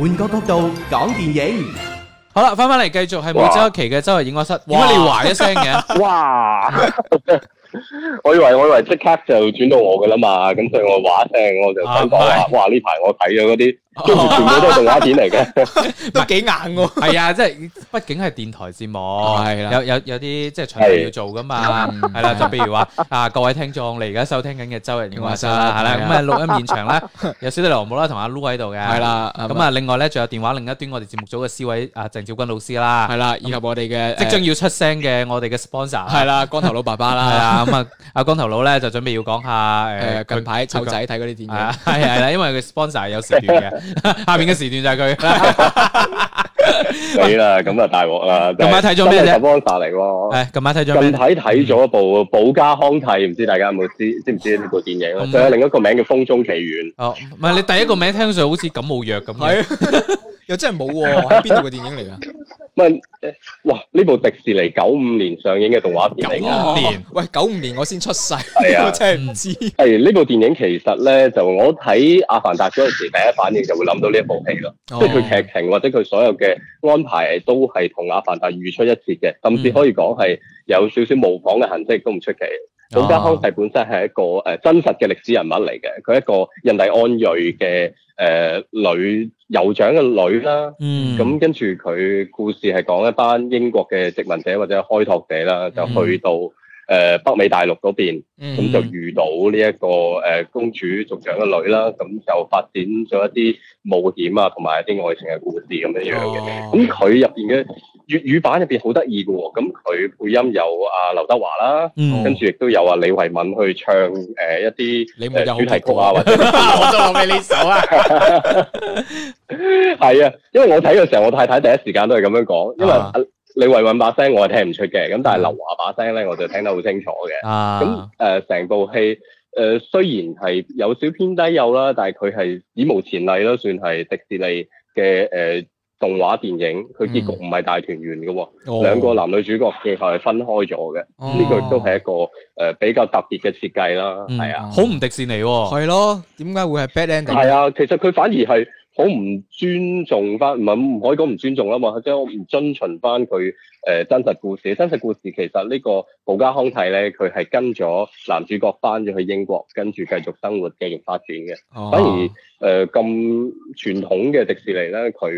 換個角度講電影，好啦，翻翻嚟繼續係每周一期嘅周日映畫室，點解你話一聲嘅？哇，哇 我！我以為我以為即刻就轉到我噶啦嘛，咁所以我話一聲，我就想講話，呢、啊、排我睇咗嗰啲。全部都係動畫片嚟嘅，都幾硬喎。係啊，即係畢竟係電台節目，係、啊、啦、啊，有有有啲即係長段要做噶嘛，係啦、啊啊。就譬如話啊，各位聽眾，你而家收聽緊嘅周日嘅映畫室係啦，咁啊錄、啊啊啊、音現場咧有小弟羅姆啦同阿 Lo 喺度嘅，係啦、啊。咁啊、嗯、啊另外咧仲有電話另一端，我哋節目組嘅 C 位啊鄭兆君老師啦，係啦、啊，以及我哋嘅、啊、即將要出聲嘅我哋嘅 sponsor 係啦，光頭佬爸爸啦，係啦、啊。咁啊阿光頭佬咧就準備要講下誒、啊、近排湊仔睇嗰啲電影，係係啦，因為佢 sponsor 有時段嘅。下面嘅時段就係佢， 死啦，咁啊大鑊啦！今晚睇咗咩嚟係，今晚睇咗。近睇睇咗一部《保家康泰》，唔知大家有冇知知唔知呢部電影？仲、嗯、有另一個名叫《風中奇緣》。哦，唔係你第一個名，聽上好似感冒藥咁，又真係冇喎，喺邊度嘅電影嚟噶？哇！呢部迪士尼九五年上映嘅動畫片，九五年喂，九五年我先出世，啊，我真係唔知。係、哎、呢部電影其實咧，就我睇《阿凡達》嗰陣時，第一反應就會諗到呢一部戲咯、哦。即係佢劇情或者佢所有嘅安排都係同《阿凡達》如出一轍嘅，甚至可以講係有少少模仿嘅痕迹都不的，都唔出奇。咁家康世本身係一個誒真實嘅歷史人物嚟嘅，佢係一個印第安裔嘅誒女酋長嘅女啦，咁、嗯、跟住佢故事係講一班英國嘅殖民者或者開拓者啦，就去到，誒北美大陸嗰邊，咁就遇到呢一個公主族長嘅女啦，咁就發展咗一啲冒險啊，同埋一啲愛情嘅故事咁樣樣嘅。咁佢入面嘅粵語，語版入面好得意嘅喎，咁佢配音有阿劉德華啦，跟住亦都有阿李慧敏去唱一啲主題曲啊，或者 我都俾你首啊，係啊， 因為我睇嘅時候，我太太第一時間都係咁樣講，因為你維韻把聲我，我係聽唔出嘅。咁但係劉華把聲咧，我就聽得好清楚嘅。咁、啊、誒，成、呃、部戲誒、呃、雖然係有少偏低幼啦，但係佢係史無前例咯，算係迪士尼嘅誒、呃、動畫電影。佢結局唔係大團圓嘅喎、嗯，兩個男女主角其實係分開咗嘅。呢個都係一個誒、呃、比較特別嘅設計啦，係啊，好、嗯、唔迪士尼喎。係咯、啊，點解會係 bad ending？係啊，其實佢反而係。好唔尊重翻，唔係唔可以講唔尊重啊嘛，即係我唔遵循翻佢。.誒、呃，真實故事，真實故事其實呢個《寶嘉康蒂》咧，佢係跟咗男主角翻咗去英國，跟住繼續生活，繼續發展嘅。哦，反而誒咁傳統嘅迪士尼咧，佢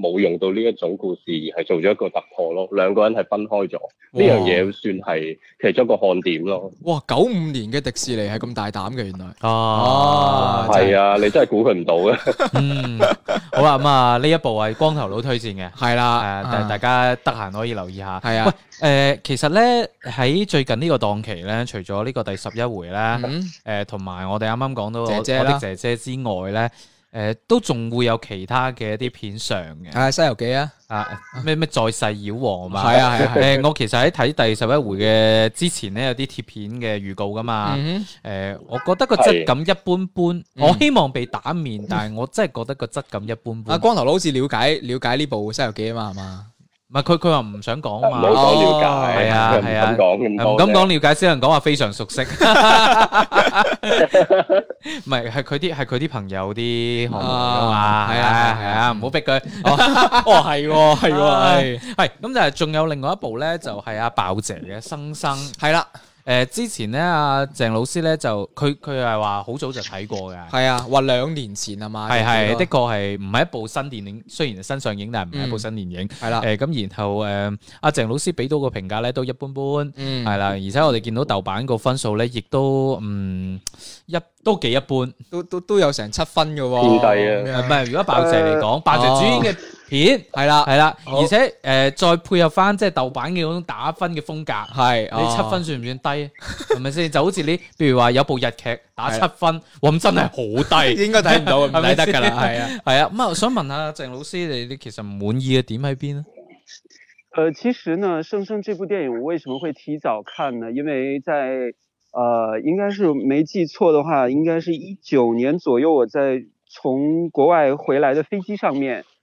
冇用到呢一種故事，而係做咗一個突破咯。兩個人係分開咗，呢樣嘢算係其中一個看點咯。哇，九五年嘅迪士尼係咁大膽嘅，原來啊，係啊，是啊、就是，你真係估佢唔到嘅。嗯， 好啦、啊，咁啊呢一部係光頭佬推薦嘅，係 啦，誒、呃嗯，大家得閒可以留意。下係啊，喂，誒、呃，其實咧喺最近個檔呢個檔期咧，除咗呢個第十一回咧，誒、嗯，同、呃、埋我哋啱啱講到我的姐姐之外咧，誒、呃，都仲會有其他嘅一啲片上嘅，係、啊《西遊記》啊，啊，咩咩再世妖王嘛，係 啊係，誒、啊，啊、 我其實喺睇第十一回嘅之前咧，有啲貼片嘅預告噶嘛，誒、嗯呃，我覺得個質感一般般、啊，我希望被打面，嗯、但係我真係覺得個質感一般般、啊。阿光頭佬好似了解了解呢部《西遊記》啊嘛，係嘛？唔係佢，佢話唔想講啊，唔好講了解，係啊，係啊，唔敢講咁多，了解，先能講話非常熟悉。唔係，係佢啲，係佢啲朋友啲項目啊嘛，係啊，係啊，唔好逼佢。哦，係，係，係，係，咁就係仲有另外一部咧，就係阿鮑姐嘅生生，係啦。誒、呃、之前咧，阿鄭老師咧就佢佢係話好早就睇過嘅，係啊，話兩年前啊嘛，係係，的確係唔係一部新電影，雖然係新上映，但係唔係一部新電影，係、嗯、啦。誒咁、呃、然後誒，阿、呃、鄭老師俾到個評價咧都一般般，係、嗯、啦，而且我哋見到豆瓣個分數咧亦都嗯一都幾一般，都都都有成七分嘅喎，偏低啊，唔係、啊、如果爆謝嚟講，爆、呃、謝主演嘅、哦。片係啦，係啦，而且誒、呃，再配合翻即係豆瓣嘅嗰種打分嘅風格，係你七分算唔算低？係咪先？就好似你， 譬如話有部日劇打七分，我真係好低， 應該睇唔到不看，唔睇得噶啦，係啊，係啊。咁啊， 嗯、我想問一下鄭老師，你你其實唔滿意嘅點喺邊呢？誒、呃，其實呢，生生這部電影我為什麼會提早看呢？因為在，誒、呃，應該是沒記錯的話，應該是一九年左右，我在從國外回來的飛機上面。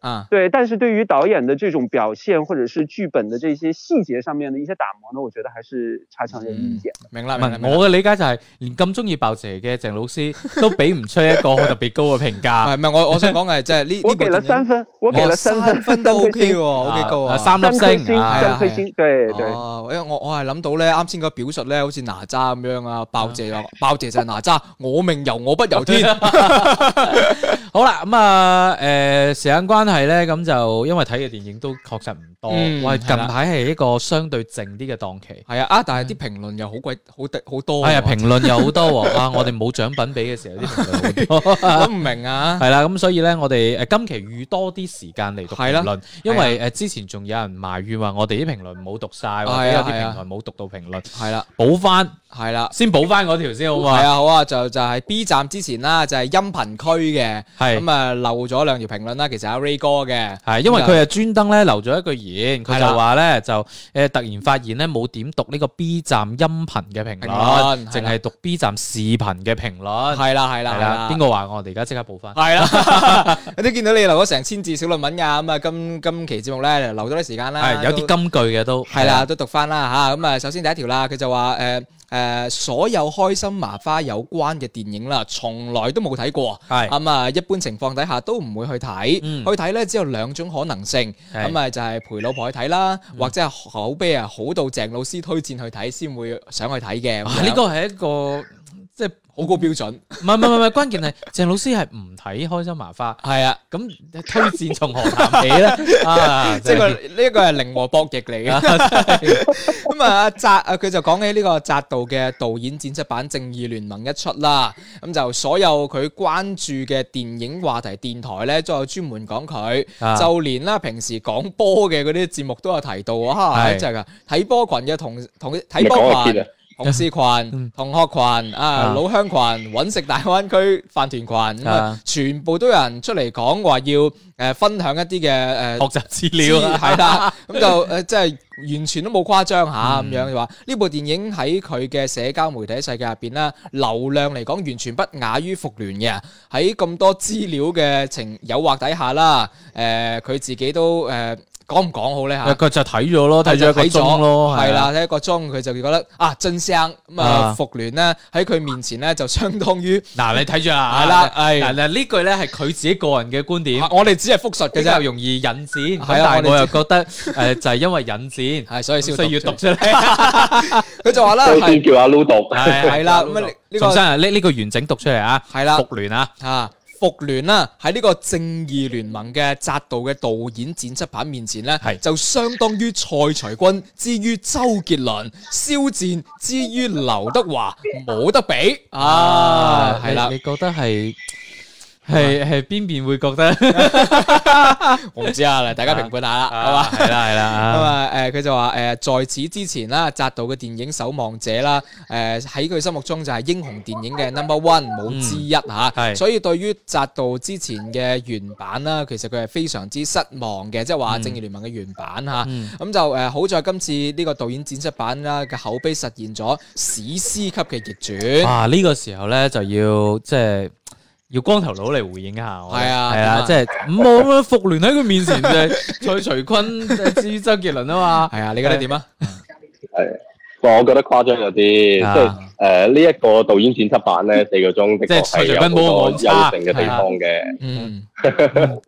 啊、嗯，對，但是對於導演的這種表現，或者是劇本的這些細節上面的一些打磨呢，我覺得還是差強人意見的、嗯、明啦明白我嘅理解就係、是、連咁中意爆射嘅鄭老師都俾唔出一個特別高嘅評價。係 咪我我，我想講嘅即係呢我俾咗三分，我，給了三，分我給了三，分三分都 OK o k 高三粒星啊，三粒星，對、啊啊啊、對。因為、啊啊、我我係諗到咧，啱先個表述咧，好似哪吒咁樣啊，爆射啊， 爆射就係哪吒， 我命由我不由天。 好啦，咁、嗯、啊，誒、呃，時間關。係咧，咁就因為睇嘅電影都確實唔多，喂、嗯，近排係一個相對靜啲嘅檔期，係啊，啊，但係啲評論又好鬼好，好多，係啊，評論、啊、又好多啊， 啊我哋冇獎品俾嘅時候，啲評論好多，我唔明啊，係啦、 啊，咁、啊、所以咧，我哋誒今期預多啲時間嚟讀評論，啊啊、因為誒之前仲有人埋怨話我哋啲評論冇讀晒，或者有啲平台冇讀到評論，係啦、啊，補翻、啊。係啦，先補翻嗰條先好嘛？係啊，好啊，就就係 B 站之前啦，就係音頻區嘅，係咁啊，漏咗兩條評論啦。其實阿 Ray 哥嘅係，因為佢係專登咧留咗一句言，佢就話咧就，誒突然發現咧冇點讀呢個 B 站音頻嘅評論，淨係讀 B 站視頻嘅評論。係啦係啦係啦，邊個話我哋而家即刻補翻？係啦，都見到你留咗成千字小論文噶，咁啊今今期節目咧留咗啲時間啦，係有啲金句嘅都係啦，都讀翻啦吓。咁啊，首先第一條啦，佢就話誒。誒、呃、所有開心麻花有關嘅電影啦，從來都冇睇過，係咁啊！一般情況底下都唔會去睇、嗯，去睇呢只有兩種可能性，咁咪、嗯、就係、是、陪老婆去睇啦、嗯，或者係口碑啊好到鄭老師推薦去睇先會想去睇嘅。哇！呢個係一個～好高標準，唔係唔係唔係，關鍵係鄭老師係唔睇《開心麻花》，係 啊，咁推薦從何談起咧？啊，即係呢一個係零和博弈嚟嘅。咁、嗯、啊，扎啊，佢就講起呢個扎導嘅導演剪輯版《正義聯盟》一出啦。咁就所有佢關注嘅電影話題電台咧，都有專門講佢、啊。就連啦，平時講波嘅嗰啲節目都有提到啊，係真係噶睇波群嘅同同睇波羣。同事群、同學群、嗯、啊、老鄉群、揾食大灣區飯團群、嗯嗯，全部都有人出嚟講話要分享一啲嘅、呃、學習資料，係啦，咁、啊、 就即係、呃即係、完全都冇誇張吓咁、啊嗯、樣就話呢部電影喺佢嘅社交媒體世界入面呢，啦流量嚟講完全不亞於復聯嘅，喺咁多資料嘅情誘惑底下啦，誒、呃、佢自己都誒。呃講唔講好咧吓？佢就睇咗咯，睇咗一個鐘咯，係啦，睇、啊、一個鐘佢就會覺得啊，真聲咁啊復聯咧喺佢面前咧就相當於嗱、啊、你睇住啦係啦，係嗱、啊啊啊啊啊啊、呢句咧係佢自己個人嘅觀點，啊、我哋只係複述嘅啫，又、啊、容易引戰、啊，但係我又覺得誒、啊、就係、是、因為引戰係、啊、所以需要需要讀出嚟，佢、啊、 就話啦係叫阿 Ludo 係啦，咁 啊呢、啊這個重新呢呢個完整讀出嚟啊，係啦復聯啊啊。復聯啦，喺呢個正義聯盟嘅扎導嘅導演剪輯版面前咧，就相當於蔡徐坤之於周杰倫、肖戰之於劉德華，冇得比啊！係、啊、啦，你覺得係？係係邊邊會覺得 我唔知啊，嚟大家評判下啦，好嘛？係啦係啦咁啊！誒，佢 就話誒，在此之前啦，扎導嘅電影守望者啦，誒喺佢心目中就係英雄電影嘅 number one 冇之一吓，所以對於扎導之前嘅原版啦，其實佢係非常之失望嘅，即係話正義聯盟嘅原版吓，咁、嗯嗯、就誒好在今次呢個導演剪輯版啦嘅口碑實現咗史詩級嘅逆轉啊！呢、這個時候咧就要即係。要光頭佬嚟回應一下我覺得，係啊係啊，即係唔好咁樣復聯喺佢面前就係蔡徐坤，即係至於周杰倫啊嘛，係啊，啊，啊，啊，啊，啊，啊，你覺得點啊？係、啊，我覺得誇張咗啲，即係誒呢一個導演剪輯版咧、啊、四個鐘，即係蔡徐坤冇咁多休嘅地方嘅、啊，嗯，咁、 嗯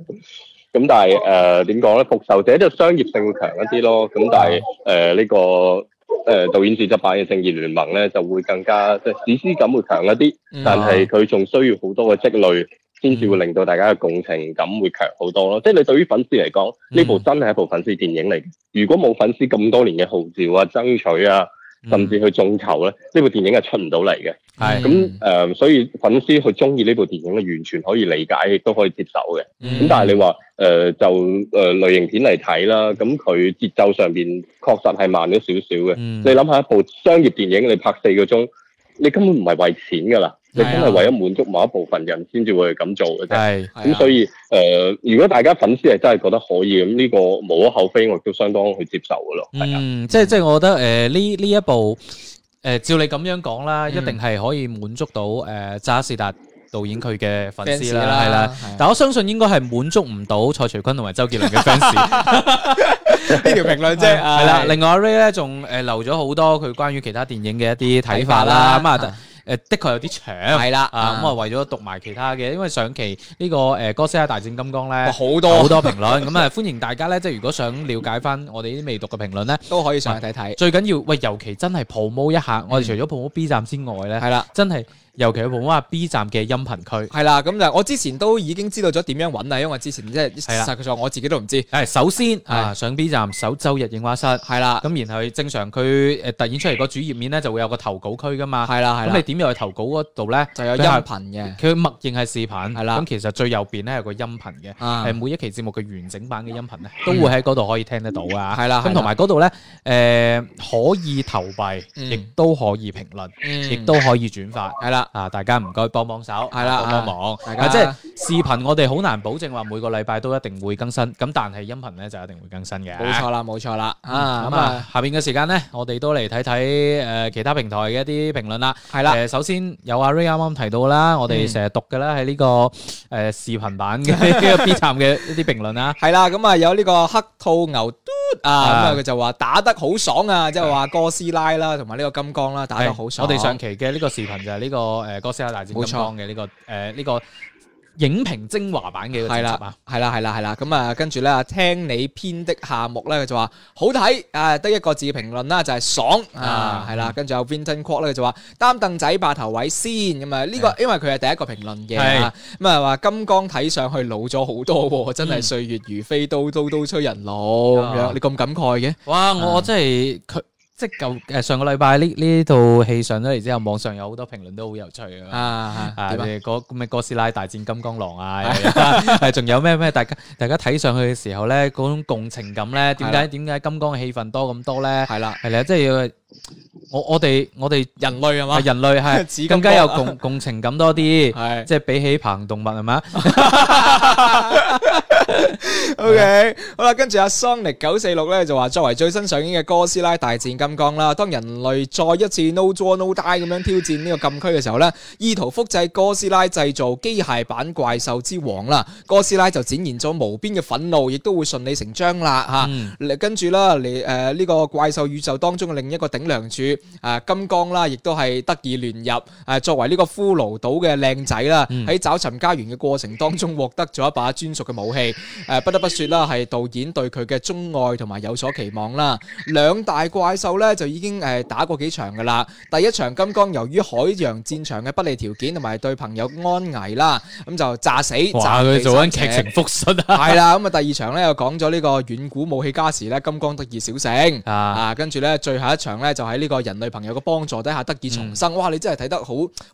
嗯、 但係誒點講咧？復、呃、仇者就商業性會強一啲咯，咁、嗯、但係誒呢個。誒、呃，導演執導版嘅正義聯盟咧，就會更加即係史詩感會強一啲，mm -hmm. 但係佢仲需要好多嘅積累，先至會令到大家嘅共情感會強好多咯。即係你對於粉絲嚟講，呢、mm -hmm. 部真係一部粉絲電影嚟嘅。如果冇粉絲咁多年嘅號召啊，爭取啊。甚至去眾籌咧，呢、嗯、部電影係出唔到嚟嘅。係咁誒，所以粉絲去中意呢部電影，完全可以理解，亦都可以接受嘅。咁、嗯、但係你話誒、呃、就誒、呃、類型片嚟睇啦，咁佢節奏上面確實係慢咗少少嘅。嗯、你諗下一部商業電影你拍四個鐘。你根本唔係為錢噶啦，你真係為咗滿足某一部分人先至會咁做嘅啫。咁所以，誒、呃，如果大家粉絲係真係覺得可以，咁呢個無可厚非，我都相當去接受嘅咯。嗯，係即係即係，我覺得誒呢呢一部誒、呃、照你咁樣講啦，一定係可以滿足到誒、呃、渣士達。導演佢嘅粉絲啦，係啦，但係我相信應該係滿足唔到蔡徐坤同埋周杰倫嘅 fans 呢條評論啫。係啦，另外阿 Ray 咧仲誒留咗好多佢關於其他電影嘅一啲睇法啦。咁啊誒的確有啲長，係啦。啊咁啊為咗讀埋其他嘅，因為上期呢個誒《哥斯拉大戰金剛》咧好多好多評論。咁啊歡迎大家咧，即係如果想了解翻我哋呢啲未讀嘅評論咧，都可以上去睇睇。最緊要喂，尤其真係 promote 一下。我哋除咗 promote B 站之外咧，係啦，真係。尤其冇話 B 站嘅音頻區，係啦，咁就我之前都已經知道咗點樣揾啦，因為之前即係實際上我自己都唔知。誒，首先啊，上 B 站搜周日映畫室，係啦，咁然後正常佢誒突然出嚟個主頁面咧就會有個投稿區噶嘛，係啦，咁你點入去投稿嗰度咧就有音頻嘅，佢默認係視頻，係啦，咁其實最右邊咧有個音頻嘅，每一期節目嘅完整版嘅音頻咧、嗯、都會喺嗰度可以聽得到啊，係啦，咁同埋嗰度咧誒可以投幣，亦、嗯、都可以評論，亦、嗯、都可以轉發，係、嗯、啦。啊！大家唔該幫幫手，係啦，幫幫忙。即係、啊、視頻，我哋好難保證話每個禮拜都一定會更新。咁但係音頻咧就一定會更新嘅。冇錯啦，冇錯啦、嗯嗯嗯嗯嗯。啊咁啊、嗯，下邊嘅時間咧，我哋都嚟睇睇誒其他平台嘅一啲評論啦。係啦、嗯，首先有阿 Ray 啱啱提到啦，我哋成日讀嘅啦，喺呢、這個誒、呃、視頻版嘅呢個 B 站嘅一啲評論啦。係啦，咁、嗯、啊有呢個黑兔牛嘟啊，咁、啊、佢、嗯嗯、就話打得好爽啊，即係話哥斯拉啦，同埋呢個金剛啦，打得好爽。我哋上期嘅呢個視頻就係呢、這個。個、呃、誒，哥斯拉大戰金剛嘅呢個誒呢、呃這個影評精華版嘅係啦，係啦，係啦，係啦，咁、嗯、啊，跟住咧聽你編的夏目咧，佢就話好睇啊，得一個字評論啦，就係、是、爽啊，係啦，跟住、嗯、有 Vincent Cott 咧，佢就話擔凳仔霸頭位先咁啊，呢、嗯這個因為佢係第一個評論嘅，咁啊話金剛睇上去老咗好多，嗯、真係歲月如飛刀，刀刀催人老咁、嗯、樣，你咁感慨嘅？哇，我真係佢。嗯即係舊誒上個禮拜呢呢套戲上咗，然之後網上有好多評論都好有趣啊！啊，啊，嗰咩哥斯拉大戰金剛狼啊，係仲有咩咩？大家大家睇上去嘅時候咧，嗰種共情感咧，點解點解金剛嘅氣氛多咁多咧？係啦，係啦，即係要我我哋我哋人類係嘛，人類係更加有共共情感多啲，係即係比起爬行動物係嘛。O K，好啦，跟住阿 Sony 九四六咧，就話，作為最新上映嘅哥斯拉大戰金剛啦，當人類再一次 No 作 No Die 咁樣挑戰呢個禁區嘅時候咧，意圖複製哥斯拉製造機械版怪獸之王啦，哥斯拉就展現咗無邊嘅憤怒，亦都會順理成章啦吓。嚟跟住啦嚟誒呢個怪獸宇宙當中嘅另一個頂梁柱誒金剛啦，亦都係得以聯入誒，作為呢個骷髏島嘅靚仔啦，喺找尋家園嘅過程當中獲得咗一把專屬嘅武器。誒，不得不說啦，係導演對佢嘅鍾愛同埋有所期望啦。兩大怪獸咧就已經誒打過幾場噶啦。第一場金剛由於海洋戰場嘅不利條件同埋對朋友安危啦，咁就炸死。哇，佢做緊劇情復述啊。係啦，咁啊，第二場咧又講咗呢個遠古武器加時咧，金剛得以小勝啊。啊，跟住咧最後一場咧就喺呢個人類朋友嘅幫助底下得以重生。哇，你真係睇得好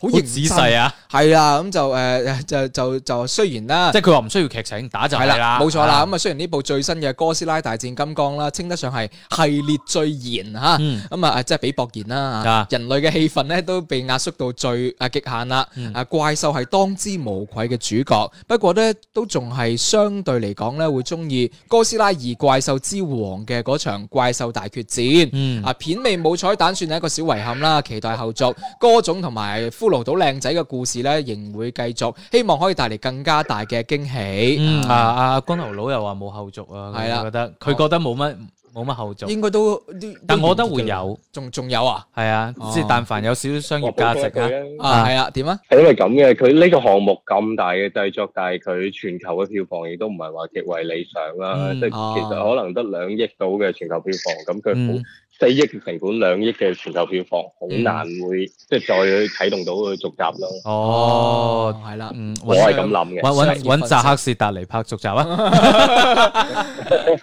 好認真啊。係啦，咁就誒就就就雖然啦，即係佢話唔需要劇情打就。冇錯啦，咁啊雖然呢部最新嘅哥斯拉大戰金剛啦，稱得上係系列最嚴吓，咁、嗯、啊即係比博嚴啦，人類嘅氣氛咧都被壓縮到最啊極限啦，啊、嗯、怪獸係當之無愧嘅主角，不過咧都仲係相對嚟講咧會中意哥斯拉二怪獸之王嘅嗰場怪獸大決戰，啊、嗯、片尾冇彩蛋算係一個小遺憾啦，期待後續、嗯、哥總同埋骷髏島靚仔嘅故事咧仍會繼續，希望可以帶嚟更加大嘅驚喜啊！啊，光頭佬又話冇後續啊，我覺得佢覺得冇乜冇乜後續，應該都，都，但我覺得會有，仲仲有啊，係啊，即、哦、係但凡有少少商業價值說說啊，啊係啊，點啊？係因為咁嘅，佢呢個項目咁大嘅製作，但係佢全球嘅票房亦都唔係話極為理想啦，即、嗯、係其實可能得兩億到嘅全球票房，咁佢好。四億嘅成本，兩億嘅全球票房，好難會即係再去啟動到佢續集咯、嗯。哦，係啦，我係咁諗嘅。搵搵，揾扎克斯達嚟拍續集啊！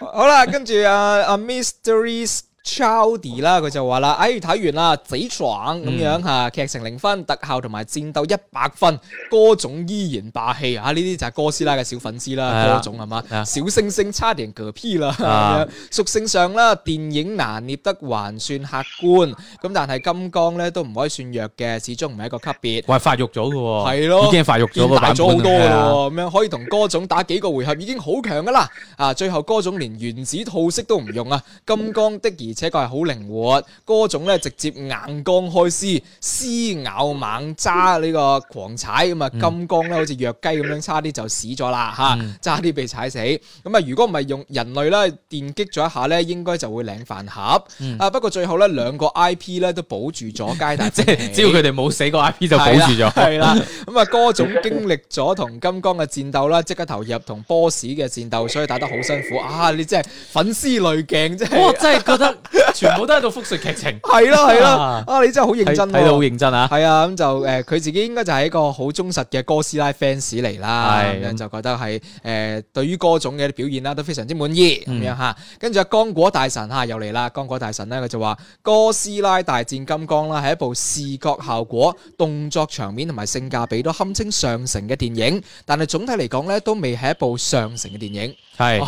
好啦，跟住啊啊 Mysteries。Chowdy 啦，佢就話啦，哎睇完啦，仔爽咁樣吓，劇、嗯、情零分，特效同埋戰鬥一百分，哥總依然霸氣啊！呢啲就係哥斯拉嘅小粉絲啦，哥總係嘛，小星星差點嗝屁啦，屬、嗯嗯嗯、性上啦，電影難捏得還算客觀，咁但係金剛咧都唔可以算弱嘅，始終唔係一個級別。喂發育咗嘅，係咯，已經發育咗版本嘅，變大咗好多啦，咁、嗯、樣可以同哥總打幾個回合，已經好強噶啦，啊最後哥總連原子吐息都唔用啊，金剛的而且確係好靈活，歌總咧直接硬剛開撕，撕咬猛揸呢個狂踩咁啊！金剛咧好似弱雞咁樣差、嗯，差啲就死咗啦吓，差啲被踩死。咁啊，如果唔係用人類咧電擊咗一下咧，應該就會領飯盒啊、嗯！不過最後咧兩個 I P 咧都保住咗佳蛋，即係只要佢哋冇死個 I P 就保住咗。係啦，咁啊 歌總經歷咗同金剛嘅戰鬥啦，即刻投入同波士嘅戰鬥，所以打得好辛苦啊！你真係粉絲濾鏡，真我真係覺得。 全部都喺度復述劇情 是，係啦係啦，啊你真係好認真，睇到好認真啊，係啊，咁就誒佢、呃、自己應該就係一個好忠實嘅哥斯拉 fans 嚟啦，咁樣就覺得係誒、呃、對於各種嘅表現啦都非常之滿意咁、嗯、樣吓，跟住啊剛果大神吓又嚟啦，剛果大神咧佢就話哥斯拉大戰金剛啦係一部視覺效果、動作場面同埋性價比都堪稱上乘嘅電影，但係總體嚟講咧都未係一部上乘嘅電影。係，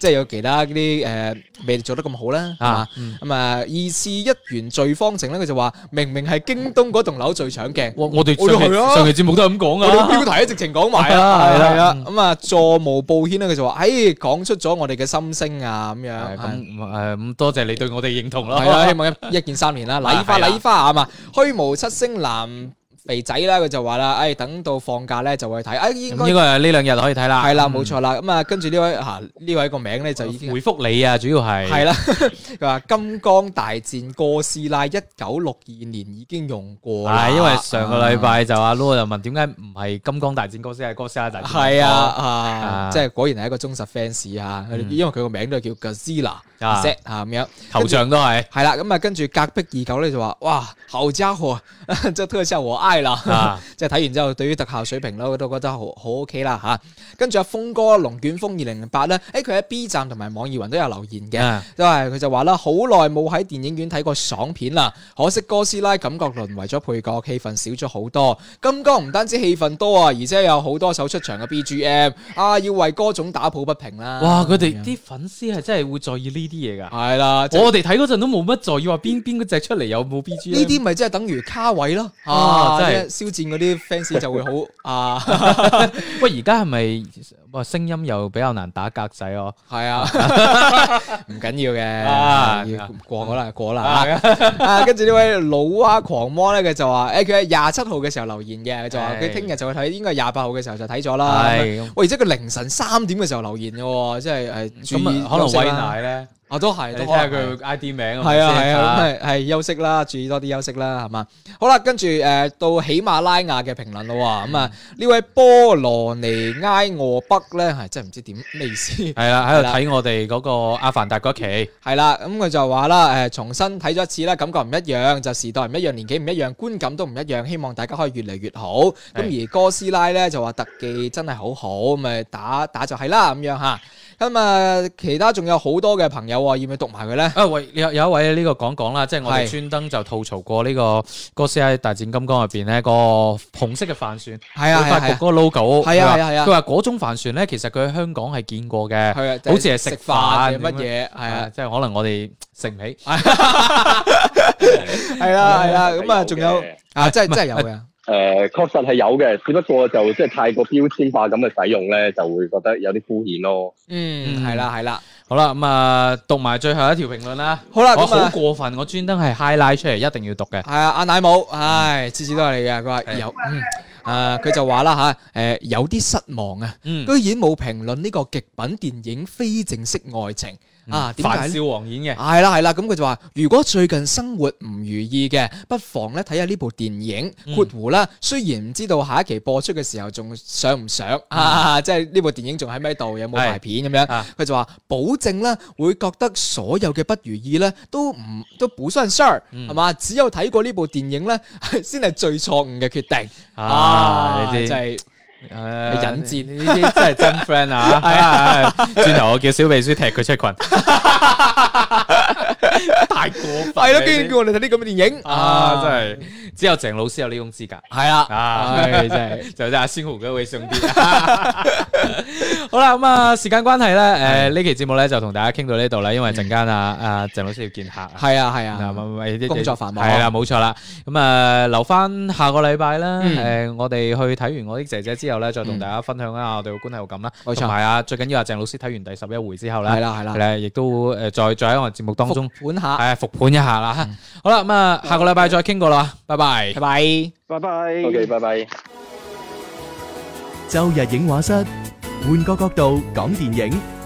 即係有其他嗰啲誒未做得咁好啦，啊，咁啊二次一元聚方程咧，佢就話明明係京東嗰棟樓最搶鏡，我我哋上期上期節目都係咁講噶，我哋標題都直情講埋啦，係啦，咁啊座無報軒咧，佢就話，誒，講出咗我哋嘅心聲啊，咁樣，咁誒，咁多謝你對我哋認同咯，係啊，希望一一鍵三連啦，禮花禮花啊嘛，虛無七星藍。肥仔啦，佢就話啦，誒，等到放假咧就會去睇，誒，應該呢個係，呢兩日可以睇啦，係啦，冇錯啦，咁啊，跟住呢位吓，呢位個名咧就已經回復你啊，主要係係啦，佢話《金剛大戰哥斯拉》一九六二年已經用過啦，誒，因為上個禮拜就阿 Lo 就問點解唔係《金剛大戰哥斯拉》，哥斯拉大戰，係啊，啊，即係果然係一個忠實 fans 啊，因為佢個名都叫哥斯拉，set 吓咁樣頭像都係，係啦，咁啊，跟住隔壁二狗咧就話，哇，好家伙，這特效我。係啦，即係睇完之後，對於特效水平咧，我都覺得好好 OK 啦吓。跟住阿峰哥《龍捲風二零零八》咧、欸，誒，佢喺 B 站同埋網易雲都有留言嘅，都係佢就話、是、啦，好耐冇喺電影院睇過爽片啦。可惜哥斯拉感覺淪為咗配角，氣氛少咗好多。金剛唔單止氣氛多啊，而且有好多首出場嘅 BGM 啊，要為哥總打抱不平啦。哇，佢哋啲粉絲係真係會在意呢啲嘢噶。係啦、就是，我哋睇嗰陣都冇乜在意話邊邊嗰隻出嚟有冇 BGM。呢啲咪即係等於卡位咯啊！啊即係肖戰嗰啲 fans 就會好 啊！ 喂，而家係咪哇聲音又比較難打格仔哦？係啊，唔緊、啊 啊、要嘅、嗯，過啦過啦啊，跟住呢位老蛙狂魔咧，佢就話，誒，佢喺廿七號嘅時候留言嘅，就話佢聽日就會睇，應該係廿八號嘅時候就睇咗啦。喂、啊，而且佢凌晨三點嘅時候留言嘅，即係係咁可能喂奶咧。我都係，你睇下佢 ID 名啊！係啊係啊，係休息啦，注意多啲休息啦，係嘛。好啦，跟住誒到喜馬拉雅嘅評論啦喎，咁啊呢位波羅尼埃俄北咧係真係唔知點咩意思。係啦、啊，喺度睇我哋嗰個阿凡達嗰期。係啦、啊，咁、嗯、佢、嗯、就話啦、呃，重新睇咗一次啦，感覺唔一樣，就時代唔一樣，年紀唔一樣，觀感都唔一樣。希望大家可以越嚟越好。咁而哥斯拉咧就話特技真係好好，咁、嗯、咪打打就係啦，咁樣吓。嗯咁啊，其他仲有好多嘅朋友啊，要唔要讀埋佢咧？啊，喂有有一位呢個講講啦，即係我哋專登就吐槽過呢個《哥斯拉大戰金剛》入面咧個紅色嘅帆船，係啊係啊，嗰個 logo，係啊係啊，佢話嗰種帆船咧，其實佢喺香港係見過嘅，啊，好似係食飯乜嘢，係啊，即係可能我哋食唔起，係啊，係啊。咁啊，仲有啊，即係真係有嘅。誒、呃，確實係有嘅，只不過就即係太過標籤化咁去使用咧，就會覺得有啲敷衍咯。嗯，係啦，係啦，好啦，咁、嗯、啊，讀埋最後一條評論啦。好啦，我好，好過分，我專登係 highlight 出嚟，一定要讀嘅。係啊，阿奶母，唉、嗯，次、哎、次都係你嘅，佢話有、嗯、啊，佢就話啦吓，誒、啊，有啲失望啊，嗯、居然冇評論呢個極品電影《非正式愛情》。啊！點解笑王演嘅？係啦係啦，咁、啊、佢就話：如果最近生活唔如意嘅，不妨咧睇下呢看看部電影《括、嗯、弧》啦。雖然唔知道下一期播出嘅時候仲上唔上啊，即係呢部電影仲喺咪度有冇排片咁樣？佢、啊、就話保證咧會覺得所有嘅不如意咧都唔都不算事，係嘛、嗯？只有睇過呢部電影咧，先 係最錯誤嘅決定啊！啊啊你知就係、是。誒，引戰呢啲真係真 friend 啊！轉頭我叫小秘書踢佢出群。大 過分係咯，居然叫我哋睇啲咁嘅電影啊！真係只有鄭老師有呢種資格，係啊，啊，真係就阿仙湖嘅微信啲。好啦，咁啊， 時間關係咧，誒、嗯，呢、呃、期節目咧就同大家傾到呢度啦，因為陣間啊阿鄭老師要見客，係啊係啊，工作繁忙，係、嗯、啦，冇、呃、錯啦。咁、呃、啊，留翻下個禮拜啦，誒、嗯呃，我哋去睇完我啲姐姐之後咧，再同大家分享一下、嗯、啊，我哋嘅觀後感啦，冇錯。同啊，最緊要阿鄭老師睇完第十一回之後咧，係啦係啦，亦都誒，再再喺我哋節目。當中復盤下，唉，復盤一下啦。好啦，咁啊，下個禮拜再傾過啦。拜拜，拜拜，拜拜。O K，拜拜。周日影畫室，換個角度講電影。